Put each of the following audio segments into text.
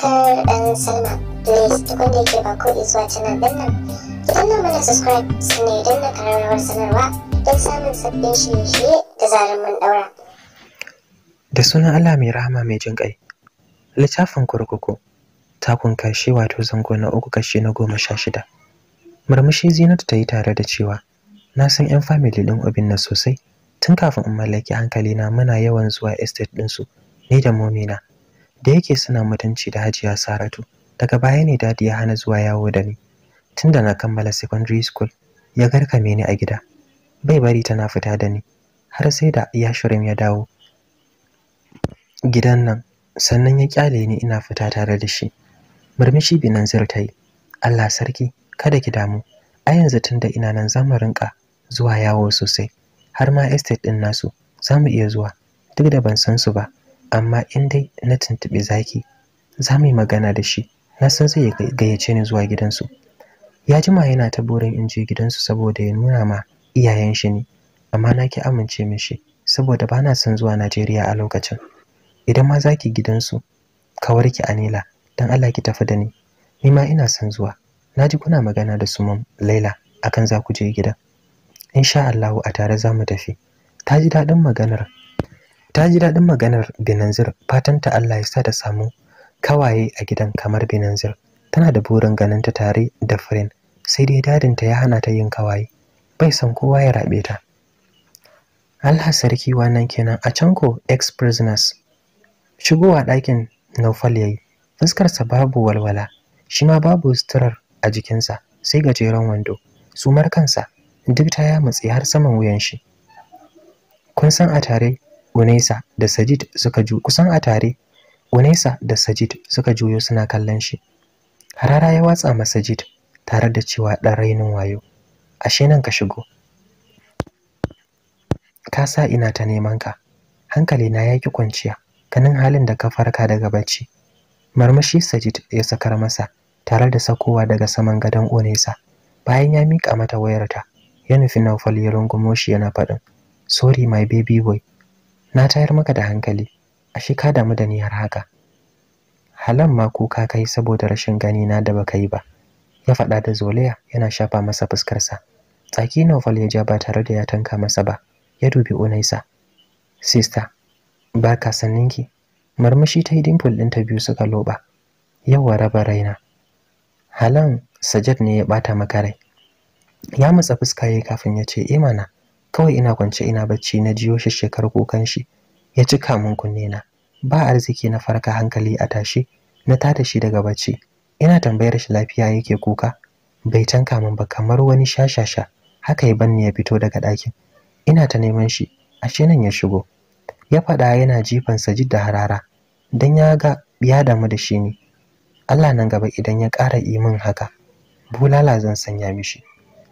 subscribe and sign up. Please tukun da yake ba ko zuwa canal din nan. Ki danna mana subscribe sannan idan na karar sanarwa don samun sabbin shirye-shirye da zarar mun daura. Da sunan Allah mai rahama mai jin ƙai. Littafin kurkuku. Takun kashi wato zango na uku kashi na goma sha shida. Murmushi Zinatu ta yi tare da cewa na san 'yan famili ɗin Obin na sosai tun kafin in mallaki hankalina muna yawan zuwa estate ɗinsu ni da momina da yake suna mutunci da hajiya saratu daga baya ne dadi ya hana zuwa yawo da ni tunda na kammala secondary school ya garkame ni a gida bai bari tana fita da ni har sai da ya shirin ya dawo gidan nan sannan ya kyale ni ina fita tare da shi murmushi binan zir ta yi allah sarki kada ki damu a yanzu tunda ina nan za mu rinka zuwa yawo sosai har ma estate ɗin nasu za mu iya zuwa duk da ban san su ba amma in dai na tuntube zaki za mu yi magana da shi na san zai gayyace ni zuwa gidansu ya jima yana ta burin in je gidansu saboda ya nuna ma iyayen shi ne amma na ki amince mishi saboda ba na son zuwa Najeriya a lokacin idan ma zaki gidansu ka warki Anila dan Allah ki tafi da ni ni ma ina son zuwa Na ji kuna magana da su mam Laila akan za ku je gida insha Allah a tare za mu tafi ta ji daɗin maganar ta ji daɗin maganar Binanzir fatan ta Allah ya sa ta samu kawaye a gidan kamar Binanzir tana da burin ganin ta tare da firin sai dai dadin ta ya hana ta yin kawaye bai san kowa ya rabe ta Allah sarki wannan kenan a can ko ex prisoners shigowa ɗakin Naufal yayi fuskarsa babu walwala shi ma babu suturar a jikinsa sai gajeren wando sumar kansa duk ta ya yamutse har saman wuyan shi kun san a tare Unaisa da Sajid suka ju kusan a tare Unaisa da Sajid suka juyo suna kallon shi Harara ya watsa ma Sajid tare da cewa dan rainin wayo ashe nan ka shigo ka sa ina ta neman ka hankali na yaki kwanciya kanin halin da ka farka daga bacci marmashi Sajid ya sakar masa tare da sakowa daga saman gadon Onesa bayan ya mika mata wayarta ya nufi Naufal ya rungumo shi yana faɗin sorry my baby boy na tayar maka da hankali ashe ka damu da niyar haka halan ma kuka kai saboda rashin gani na da baka yi ba ya faɗa da zolaya yana shafa masa fuskarsa tsaki Naufal ya ja ba tare da ya tanka masa ba ya dubi Unaisa Sista. ba ka sanninki marmashi ta yi dimple ɗin ta biyu suka loba yawa raba raina halan sajad ne ya ɓata maka rai ya matsa fuska yayi kafin ya ce eh mana kawai ina kwance ina bacci na jiyo shekar kukan shi ya cika min kunne na ba arziki na farka hankali a tashi na tada shi daga bacci ina tambayar shi lafiya yake kuka bai tanka min ba kamar wani shashasha haka ya banni ya fito daga ɗakin ina ta neman shi ashe nan ya shigo ya faɗa yana jifan sajid da harara dan ya ga ya damu da shi ne Allah nan gaba idan ya ƙara yi min haka bulala zan sanya mishi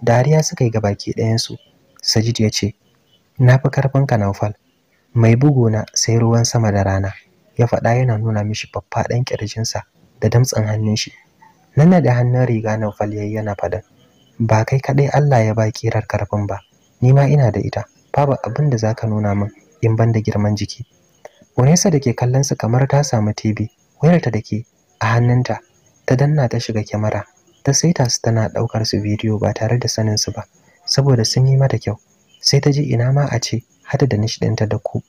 dariya suka yi gabaki ɗayansu Sajid ya ce, Na fi karfinka Naufal, mai na, sai ruwan sama da rana, ya faɗa yana nuna mishi faffaɗan ƙirjinsa da damtsin hannun shi. Nan da hannun riga Naufal ya yi yana faɗan, Ba kai kaɗai Allah ya ba ƙirar karfin ba, ni ma ina da ita, babu abin da za ka nuna min in ban da girman jiki. Unesa da ke kallon su kamar ta samu TV, wayarta da ke a hannunta, ta danna ta shiga kyamara, ta saita su tana ɗaukar su bidiyo ba tare da saninsu ba. saboda sun yi mata kyau sai ta ji ina ma a ce hada da nish ɗinta da ku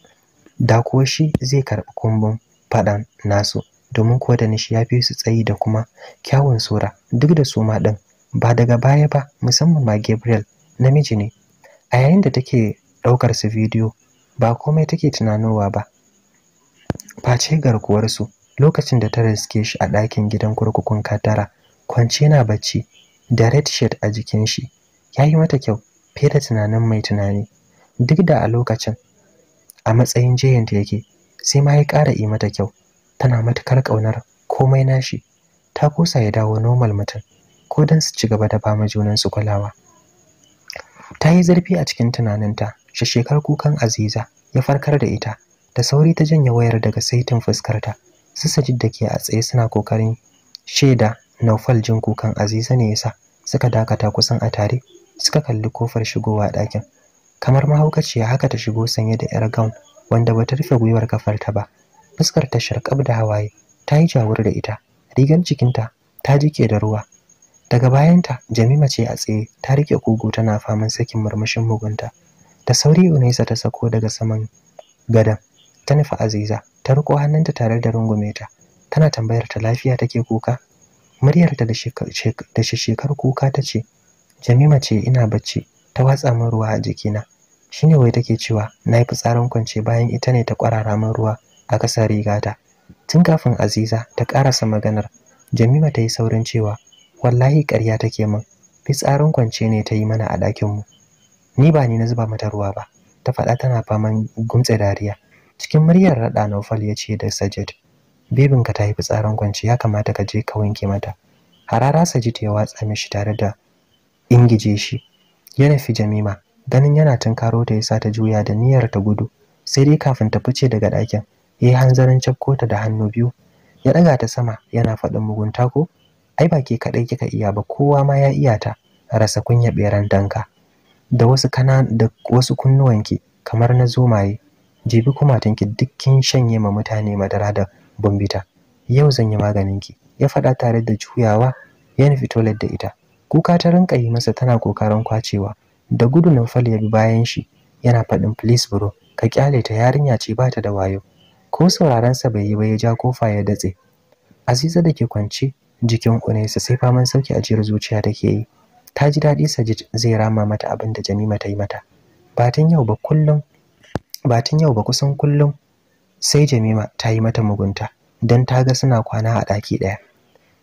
da kuwa shi zai karɓi kumbin faɗan nasu domin kuwa da nishi ya fi su tsayi da kuma kyawun sura duk da su ma ɗin ba daga baya ba musamman ma gabriel namiji ne a yayin da take ɗaukar su bidiyo ba komai take tunanowa ba face garkuwarsu lokacin da ta raske shi a ɗakin gidan kurkukun katara kwance na bacci da red shirt a jikin shi ya yi mata kyau fiye da tunanin mai tunani duk da a lokacin a matsayin jeyanta yake sai ma ya ƙara yi mata kyau tana matukar ƙaunar komai nashi ta kosa ya dawo nomal mutum ko don su ci gaba da ba junansu kulawa ta yi zurfi a cikin tunaninta shekar kukan aziza ya farkar da ita da sauri ta janye wayar daga saitin fuskarta sajid da ke a tsaye suna kokarin shaida naufal jin kukan aziza ne yasa suka dakata kusan a tare suka kalli kofar shigowa ɗakin kamar mahaukaci ya haka ta shigo sanye da yar gown wanda bata rufe gwiwar kafar ta ba fuskar ta sharkab da hawaye ta yi jawur da ita rigar jikinta ta jike da ruwa daga bayanta jamima ce a tsaye ta rike kugu tana faman sakin murmushin mugunta da sauri unaisa ta sako daga saman gadan ta nufi aziza ta riko hannunta tare da rungume ta tana tambayar ta lafiya take kuka muryarta da shi shekar kuka ta ce Jamima ce ina bacci ta watsa min ruwa a jikina. Shine wai take cewa na yi fitsarin kwance bayan ita ne ta kwarara min ruwa a ƙasar rigata. Tun kafin Aziza ta ƙarasa maganar, Jamima ta yi saurin cewa wallahi ƙarya take min. Fitsarin kwance ne ta yi mana a ɗakin mu. Ni ba ni na zuba mata ruwa ba, ta faɗa tana faman gumtse dariya. Cikin muryar raɗa Naufal ya ce da Sajid, Bebinka ta yi fitsarin kwance ya kamata ka je ka wanke mata. Harara Sajid ya watsa mishi tare da ingije shi ya nufi jamima ganin yana tunkaro ta yasa ta juya da niyyar ta gudu sai dai kafin ta fice daga ɗakin ya yi hanzarin cafkota da hannu biyu ya ɗaga ta sama yana faɗin mugunta ko ai ba ke kaɗai kika iya ba kowa ma ya iya ta rasa kunya ɓeran danka da wasu kana da wasu kunnuwanki kamar na zomaye jibi kumatunki duk kin shanye ma mutane madara da bombita yau zan yi ki. ya faɗa tare da juyawa ya nufi toilet da ita kuka ta rinka yi masa tana kokarin kwacewa da gudu Naufal ya bi bayan shi yana faɗin please bro ka kyale ta yarinya ce ba ta da wayo ko sauraron sa bai yi ba ya ja kofa ya datse Aziza da ke kwance jikin sa sai faman sauki a jiyar zuciya take yi ta ji daɗi Sajid zai rama mata abin da Jamima ta yi mata batun yau ba kullum batun yau ba kusan kullum sai Jamima ta yi mata mugunta don ta ga suna kwana a ɗaki ɗaya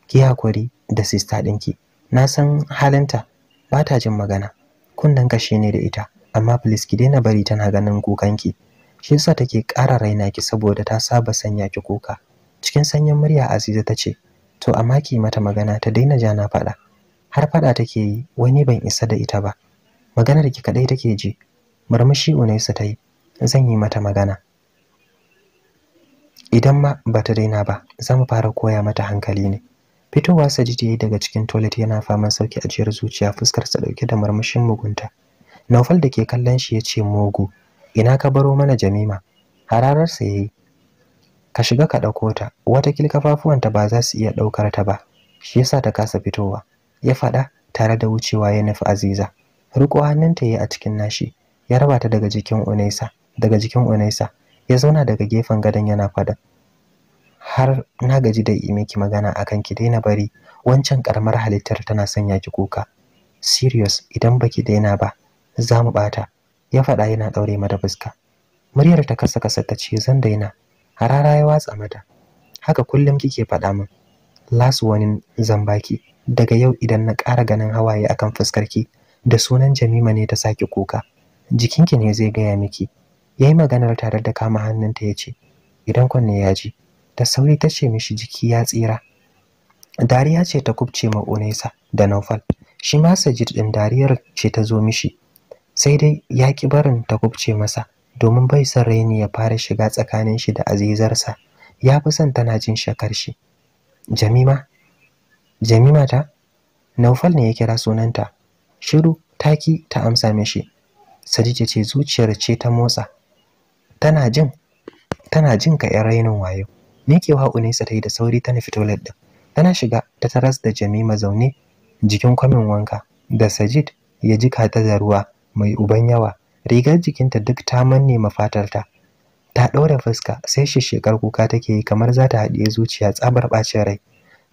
ki hakuri da sista ɗinki na san halinta ba ta jin magana kunnen kashi ne da ita amma please ki daina bari tana ganin kukanki shi yasa take ƙara raina ki saboda ta saba sanya ki kuka cikin sanyin murya Aziza ta ce to amma ki mata magana ta daina jana faɗa har faɗa take yi wani ban isa da ita ba Magana da ki kadai take ji murmushi Unaisa ta yi zan yi mata magana idan ma bata daina ba zamu fara koya mata hankali ne fitowa sa ya yi daga cikin toilet yana faman sauki ajiyar zuciya fuskarsa ɗauke da marmashin mugunta naufal da ke kallon shi ya ce mogu. ina ka baro mana jamima harararsa ya yi ka shiga ka ɗauko ta watakil kafafuwanta ba za su iya ɗaukar ta ba shi yasa ta kasa fitowa ya faɗa tare da wucewa ya nufi aziza riko hannunta ya yi a cikin nashi ya raba ta daga jikin unaisa daga jikin unaisa ya zauna daga gefen gadon yana faɗa har na gaji da yi miki magana akan ki daina bari wancan karamar halittar tana sanya ki kuka serious idan baki daina ba za mu bata ya faɗa yana ɗaure mata fuska muryar ta kasa kasa ta ce zan daina harara ya watsa mata haka kullum kike faɗa min last warning zan baki daga yau idan na ƙara ganin hawaye akan fuskar ki. da sunan Jamima ne ta saki kuka jikinki ne zai gaya miki yayi maganar tare da kama hannunta ya ce idan kunne yaji. da sauri ta ce mishi jiki ya tsira dariya ce ta kubce ma Unesa da Naufal shi ma Sajid din dariyar ce ta zo mishi sai dai ya ki barin ta kubce masa domin bai son raini ya fara shiga tsakanin shi da azizarsa ya fi son tana jin shakar shi Jamima Jamima ta Naufal ne ya kira sunanta shiru taki ta amsa mishi Sajid ce zuciyar ce ta motsa tana jin tana jin ka rainin wayo Mikewa Unaisa ta yi da sauri ta nufi toilet Tana shiga ta taras da Jamima zaune jikin kwamin wanka da Sajid ya jika kata da ruwa mai uban yawa. Rigar jikinta duk ta manne mafatarta. Ta ɗaure fuska sai shishshekar kuka take yi kamar za ta haɗiye zuciya tsabar ɓacin rai.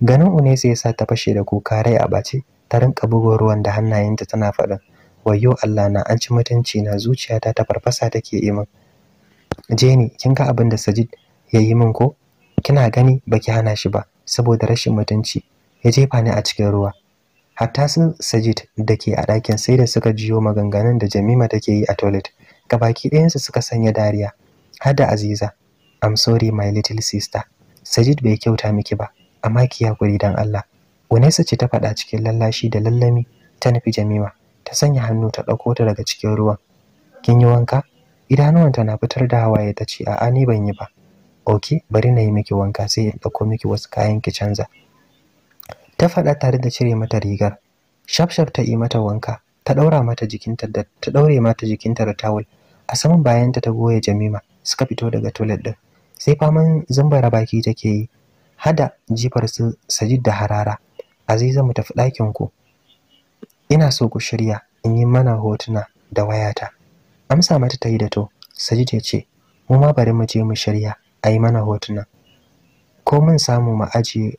Ganin Unaisa ya sa ta fashe da kuka rai a ɓace ta rinka bugun ruwan da hannayenta tana faɗin. wayo Allah na an ci mutunci na zuciyata ta farfasa take yi min. Jeni, kin ga abin da Sajid ya yi min ko? kina gani baki hana shi ba saboda rashin mutunci ya jefa ni a cikin ruwa hatta su sajid da ke a ɗakin sai da suka jiyo maganganun da jamima take yi a toilet ga gabaki ɗayansu suka sanya dariya har da aziza i'm sorry my little sister sajid bai kyauta miki ba amma ki hakuri dan allah unesa ce ta faɗa cikin lallashi da lallami ta nufi jamima ta sanya hannu ta ɗauko ta daga cikin ruwan kin yi wanka idanuwanta na fitar da hawaye ta ce a'a ni ban yi ba ok bari na yi miki wanka sai in ɗauko miki wasu kayan ki canza ta faɗa tare da cire mata rigar shafshaf ta yi mata wanka ta ɗaura mata jikinta da ta ɗaure mata jikinta da tawul a saman bayanta ta goya jamima suka fito daga toilet ɗin sai faman zumbara baki take yi hada jifar su sajid da harara aziza mu tafi ɗakin ku ina so ku shirya in yi mana hotuna da wayata amsa mata ta yi da to sajid ya ce mu ma bari mu je mu shirya a yi mana hotuna ko mun samu mu aje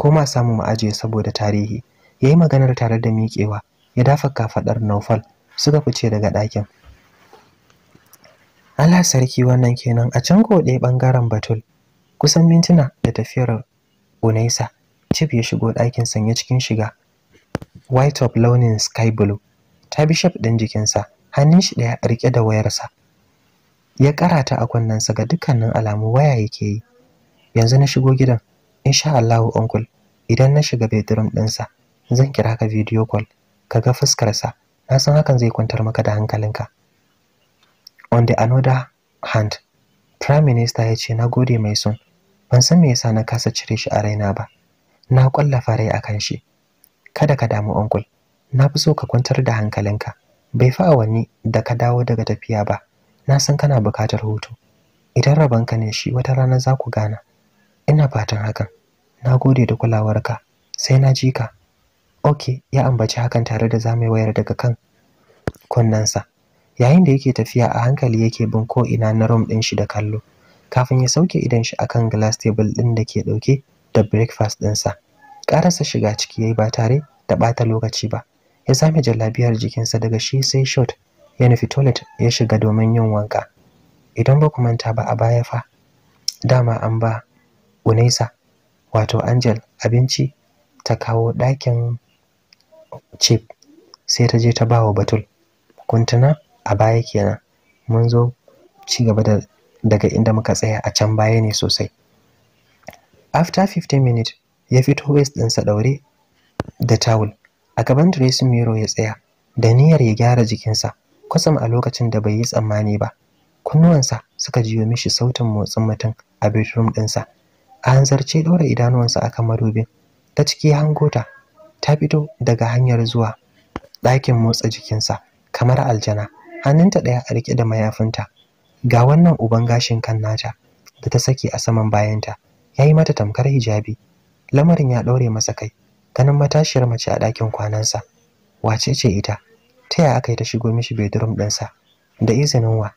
ko ma samu mu aje saboda tarihi yayi yi maganar tare da miƙewa ya dafa kafaɗar naufal suka fice daga ɗakin Allah sarki wannan kenan a can kode ɓangaren batul kusan mintuna da tafiyar unaisa Chief ya shigo ɗakin sanye cikin shiga white top launin sky blue ta bishop ɗin jikinsa hannun shi ɗaya rike da wayarsa ya karata a sa ga dukkanin alamu waya yake yi yanzu na shigo gidan insha Allahu uncle idan na shiga bedroom ɗinsa zan kira ka video call ka ga fuskarsa na san hakan zai kwantar maka da hankalinka on the another hand prime minister ya ce na gode mai son ban san me yasa na kasa cire shi a raina ba na kwallafa rai akan shi kada ka damu uncle na fi so ka kwantar da hankalinka bai fa awanni da ka dawo daga tafiya ba na san kana bukatar hutu idan rabanka ne shi wata rana za ku gana ina fatan hakan na gode da kulawarka sai na ji ka ok ya ambaci hakan tare da zamai wayar daga kan kunnensa yayin da yake tafiya a hankali yake bin ko ina na room ɗin shi da kallo kafin ya sauke idan shi akan glass table ɗin da ke ɗauke da breakfast ɗinsa ƙarasa shiga ciki yayi ba tare da ɓata lokaci ba ya zame jallabiyar jikinsa daga shi sai shot ya nufi toilet ya shiga domin yin wanka idan ba ku manta ba a baya fa dama an ba unaisa wato angel abinci ta kawo dakin chip sai ta je ta ba wa batul kuntuna a baya kenan mun zo ci gaba da daga inda muka tsaya a can baya ne sosai after 15 minutes ya fito waist ɗinsa ɗaure da tawul a gaban dressing mirror ya tsaya da niyyar ya gyara jikinsa Kwatsam a lokacin da bai yi tsammani ba, kunnuwansa suka jiyo mishi sautin motsin mutum a bedroom ɗinsa. A hanzarce ɗora idanuwansa akan madubin, ta ciki hangota ta fito daga hanyar zuwa ɗakin motsa jikinsa kamar aljana, hannunta ɗaya a riƙe da mayafinta. Ga wannan uban gashin kan nata da ta saki a saman bayanta, ya yi mata tamkar hijabi. Lamarin ya ɗaure masa kai, ganin matashiyar mace a ɗakin kwanansa. Wace ce ita? ta ya aka yi ta shigo mishi bedroom ɗinsa da izinin wa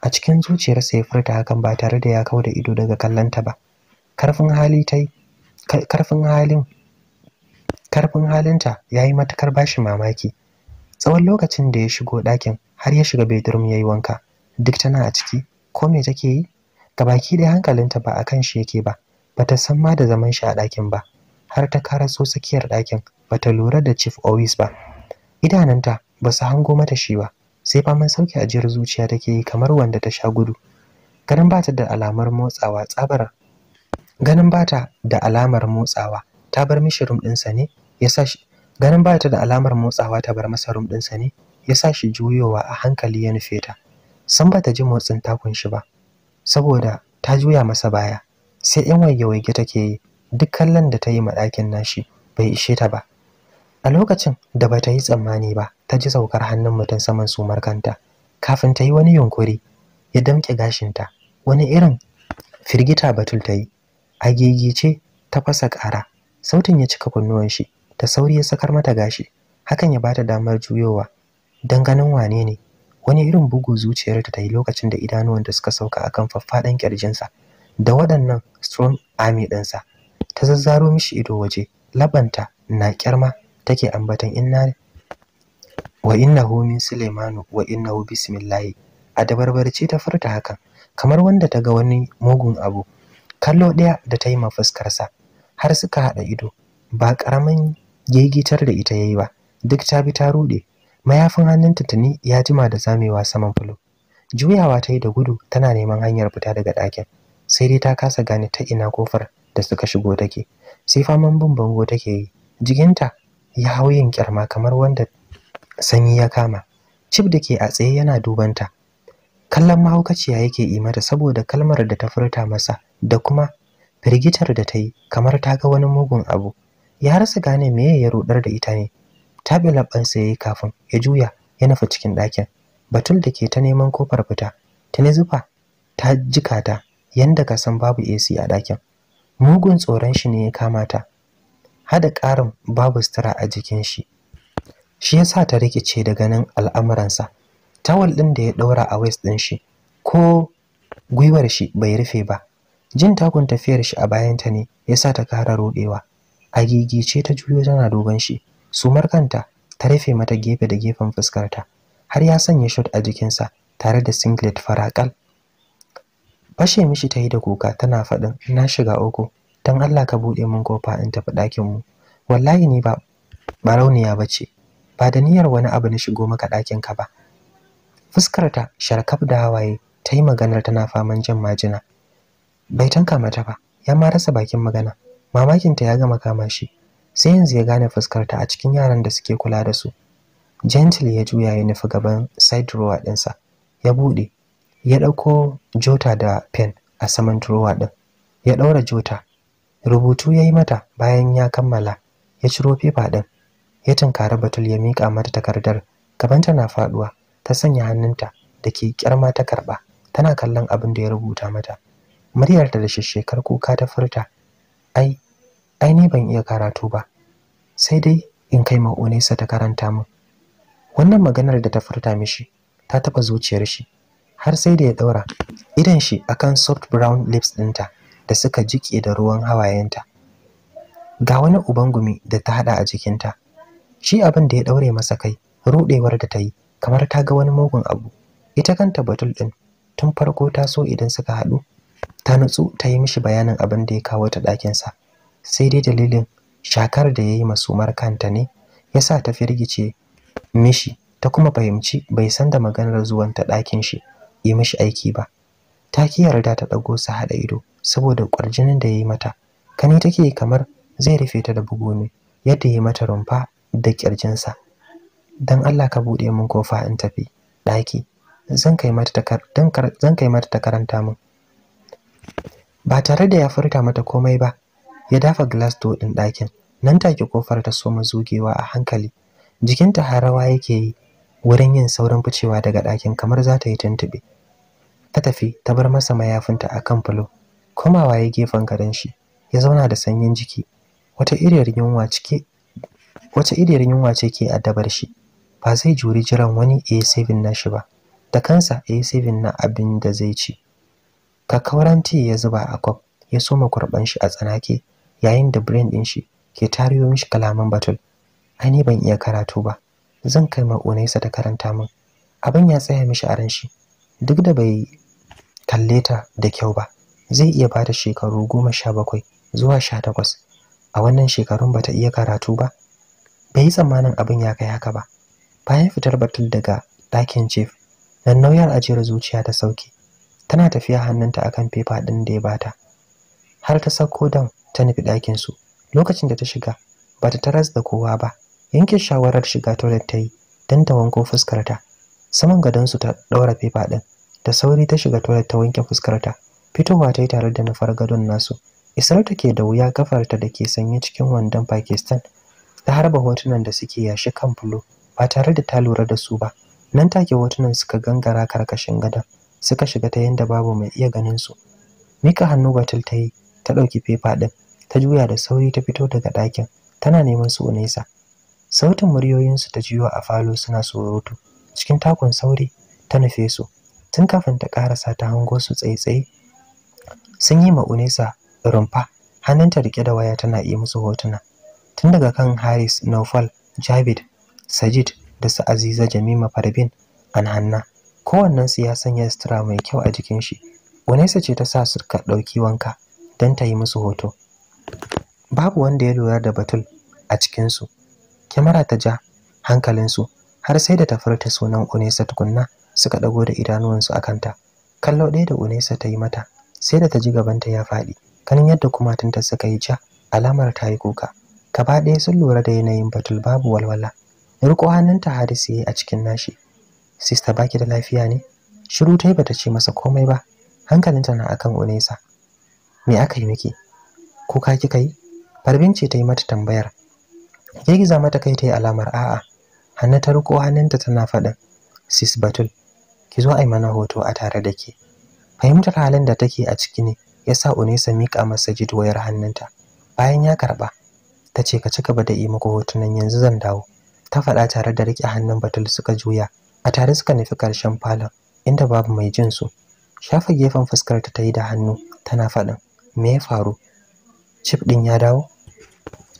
a cikin zuciyarsa ya furta hakan ba tare da ya kau da ido daga kallonta ba karfin hali ta karfin halin karfin halinta ya yi matukar bashi mamaki tsawon lokacin da ya shigo ɗakin har ya shiga bedroom ya yi wanka duk tana a ciki ko me take yi gabaki da hankalinta ba a kan shi yake ba bata san ma da zaman shi a ɗakin ba har ta karaso tsakiyar ɗakin bata lura da chief owis ba idananta ba su hango mata shi ba sai faman sauke ajiyar zuciya take yi kamar wanda ta sha gudu ganin bata da alamar motsawa tsabar ganin ta da alamar motsawa ta bar mishi rum ɗinsa ne ya sa shi ganin ta da alamar motsawa ta bar masa rum ɗinsa ne ya sa shi juyowa a hankali ya nufe ta san ta ji motsin takun shi ba saboda ta juya masa baya sai yan waige-waige take yi duk kallon da ta yi ma ɗakin nashi bai ishe ta ba a lokacin da bata yi tsammani ba ta ji saukar hannun mutum saman sumar kanta kafin ta yi wani yunkuri ya damƙe gashinta wani irin firgita batul ta yi agegice ta fasa ƙara sautin ya cika kunnuwan shi ta sauri ya sakar mata gashi hakan ya bata damar juyowa don ganin wane ne wani irin bugu zuciyarta ta yi lokacin da da suka sauka a kan faffaɗan ƙirjinsa da waɗannan strong army ɗinsa ta zazzaro mishi ido waje labanta na kyarma take ambaton inna wa innahu min sulaimanu wa innahu bismillah a dabarbarce ta furta hakan kamar wanda ta ga wani mugun abu kallo ɗaya da ta yi mafuskarsa. sa har suka haɗa ido ba ƙaramin gegitar da ita yayi ba duk ta bi ta rude. mayafin hannunta tuni ya jima da zamewa saman fulo juyawa ta yi da gudu tana neman hanyar fita daga ɗakin sai dai ta kasa gane ta ina kofar da suka shigo take sai faman bin bango take yi Jiginta. ya hau yin kyarma kamar wanda sanyi ya kama cif da ke a tsaye yana dubanta kallon mahaukaciya yake yi mata saboda kalmar da ta furta masa da kuma firgitar da ta yi kamar ta ga wani mugun abu ya rasa gane meye ya rudar da ita ne ta bi ya yi kafin ya juya ya nufa cikin ɗakin batul da ke ta neman kofar fita ta ne zufa ta jikata yanda ka san babu AC a ɗakin mugun tsoron shi ne ya kama ta hada ƙarin babu sutura a jikin shi shi yasa ta rikice da ganin al'amuransa tawul din da ya daura a waist din shi ko gwiwar shi bai rufe ba jin takun tafiyar shi a bayanta ne yasa ta kara rodewa a gigice ta juyo tana dogon shi sumar kanta ta rufe mata gefe da gefen fuskarta har ya sanya shot a jikinsa tare da singlet farakal fashe mishi ta yi da kuka tana faɗin na shiga uku don Allah ka buɗe min kofa in tafi ɗakin mu wallahi ni ba barauniya ce. ba da niyyar wani abu na shigo maka ɗakin ka ba fuskarta sharkaf da hawaye ta yi maganar tana faman jin majina bai tanka mata ba ya ma rasa bakin magana mamakinta ya gama kama shi sai yanzu ya gane fuskarta a cikin yaran da suke kula da su gentle ya juya ya nufi gaban side drawer ɗinsa ya buɗe ya ɗauko jota da pen a saman drawer ɗin ya ɗaura jota rubutu ya yi mata bayan ya kammala ya ciro fefa ɗin ya tunkari batul ya miƙa mata takardar gabanta na faɗuwa ta sanya hannunta da ke kyarma ta karɓa tana kallon abin da ya rubuta mata muryarta da shishshekar kuka ta furta ai ai ni ban iya karatu ba sai dai in kai ma'unesa ta karanta min wannan maganar da ta furta mishi ta taɓa zuciyar shi har sai da ya ɗaura idan shi akan soft brown lips ɗinta da suka jike da ruwan hawayenta ga wani ubangumi da ta hada a jikinta shi abin da ya daure masa kai rudewar da ta yi kamar ta ga wani mugun abu ita kanta batul ɗin, tun farko ta so idan suka haɗu. ta nutsu ta yi mishi bayanin abin da ya kawo ta ɗakinsa sai dai dalilin shakar da ya yi masumar kanta ne ya sa ta firgice mishi ta kuma fahimci bai san da maganar zuwanta ta ɗakin shi yi mishi aiki ba ta ki yarda ta ɗago su haɗa ido saboda ƙwarjinin da ya yi mata kani take kamar zai rufe ta da bugu ne yadda ya yi mata rumfa da ƙirjinsa don allah ka buɗe min kofa in tafi ɗaki zan kai mata ta karanta min ba tare da ya furta mata komai ba ya dafa glass door ɗin ɗakin nan take kofar ta soma zugewa a hankali jikinta Harawa yake yi wurin yin saurin ficewa daga ɗakin kamar za ta yi tuntuɓe ta tafi ta bar masa mayafinta a kan fulo komawa ya gefen gadon shi ya zauna da sanyin jiki wata iriyar yunwa cike wata iriyar yunwa ce ke addabar shi ba zai juri jiran wani A7 na shi ba da kansa A7 na abin da zai ci kakkauran tea ya zuba a kwaf ya soma kurban shi a tsanake yayin da brain din shi ke tariyo mishi kalaman batul ai ni ban iya karatu ba zan kai ma Unaisa ta karanta min abin ya tsaya mishi a ran shi duk da bai kalle ta da kyau ba zai iya ba da shekaru goma sha bakwai zuwa sha takwas a wannan shekarun ba ta iya karatu ba bai yi tsammanin abin ya kai haka ba bayan fitar batun daga ɗakin chief nan nauyar ajiyar zuciya ta sauke tana tafiya hannunta akan fefa ɗin da ya bata har ta sauko don ta nufi ɗakin su lokacin da ta shiga bata taras da kowa ba yanke shawarar shiga toilet ta yi don ta wanko fuskarta saman gadonsu ta ɗaura fefa ɗin da sauri ta shiga toilet ta wanke fuskarta fitowa ta yi tare da nufar gadon nasu ta ke da wuya kafarta da ke sanye cikin wandon pakistan ta harba hotunan da suke yashi kan fulo ba tare da ta lura da su ba nan take hotunan suka gangara karkashin gadon suka shiga ta yadda babu mai iya ganin su mika hannu batul ta yi ta ɗauki fefa ɗin ta juya da sauri ta fito daga ɗakin tana neman su nesa sautin muryoyinsu ta jiyo a falo suna surutu cikin takon sauri ta nufe su tun kafin ta karasa ta hango su tsaye-tsaye sun yi ma Unesa rumfa hannunta rike da waya tana yi musu hotuna tun daga kan Haris Naufal Javid Sajid da su Aziza Jamima Farbin Anhanna kowannen su ya sanya sutura mai kyau a jikin shi Unesa ce ta sa suka ɗauki wanka don ta yi musu hoto babu wanda ya lura da Batul a cikinsu kyamara ta ja hankalinsu har sai da ta furta sunan Unesa tukunna suka dago da idanuwansu a kanta. kallo ɗaya da Unesa ta yi mata sai da ta ji gabanta ya faɗi Kanin yadda kumatinta suka yi ja alamar ta yi kuka gaba ɗaya sun lura da yanayin batul babu walwala riko hannunta hadis ya yi a cikin nashi sista baki da lafiya ne shiru ta yi bata ce masa komai ba hankalinta na akan unesa me aka yi miki kuka kika yi farbin ce ta yi mata tambayar girgiza mata kai ta yi alamar a'a hannu ta riko hannunta tana faɗin sis batul ki zo a yi mana hoto a tare da ke Fahimtar halin da take a ciki ne ya sa Unesa miƙa masa jidwayar hannunta. Bayan ya karɓa, ta ce ka ci gaba da yi muku hotunan yanzu zan dawo. Ta faɗa tare da riƙe hannun Batul suka juya, a tare suka nufi ƙarshen falon inda babu mai jin su. Shafa gefen fuskar ta ta yi da hannu tana faɗin, me ya faru? Cif ɗin ya dawo?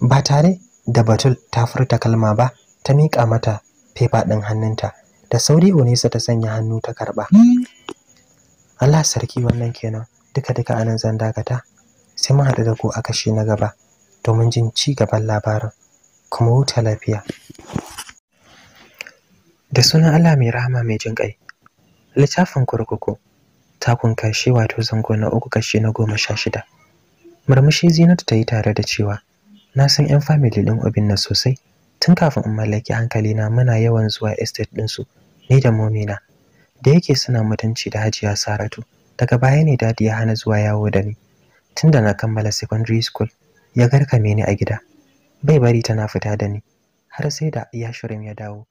Ba tare da Batul ta furta kalma ba, ta miƙa mata fefa ɗin hannunta. Da sauri Unesa ta sanya hannu ta karɓa. Allah sarki wannan kenan duka duka anan zan dakata sai mun haɗu da ku a kashi na gaba domin jin ci gaban labarin kuma huta lafiya da sunan Allah mai rahama mai jin ƙai littafin kurkuku takun kashi wato zango na uku kashi na goma sha shida murmushi zinatu ta yi tare da cewa na san 'yan famili ɗin obin na sosai tun kafin in mallaki hankalina muna yawan zuwa estate ɗinsu ni da momina da yake suna mutunci da hajiya saratu daga baya ne dadi ya hana zuwa yawo da ni tunda na kammala secondary school ya garkame ni a gida bai bari tana fita da ni har sai da ya shirin ya dawo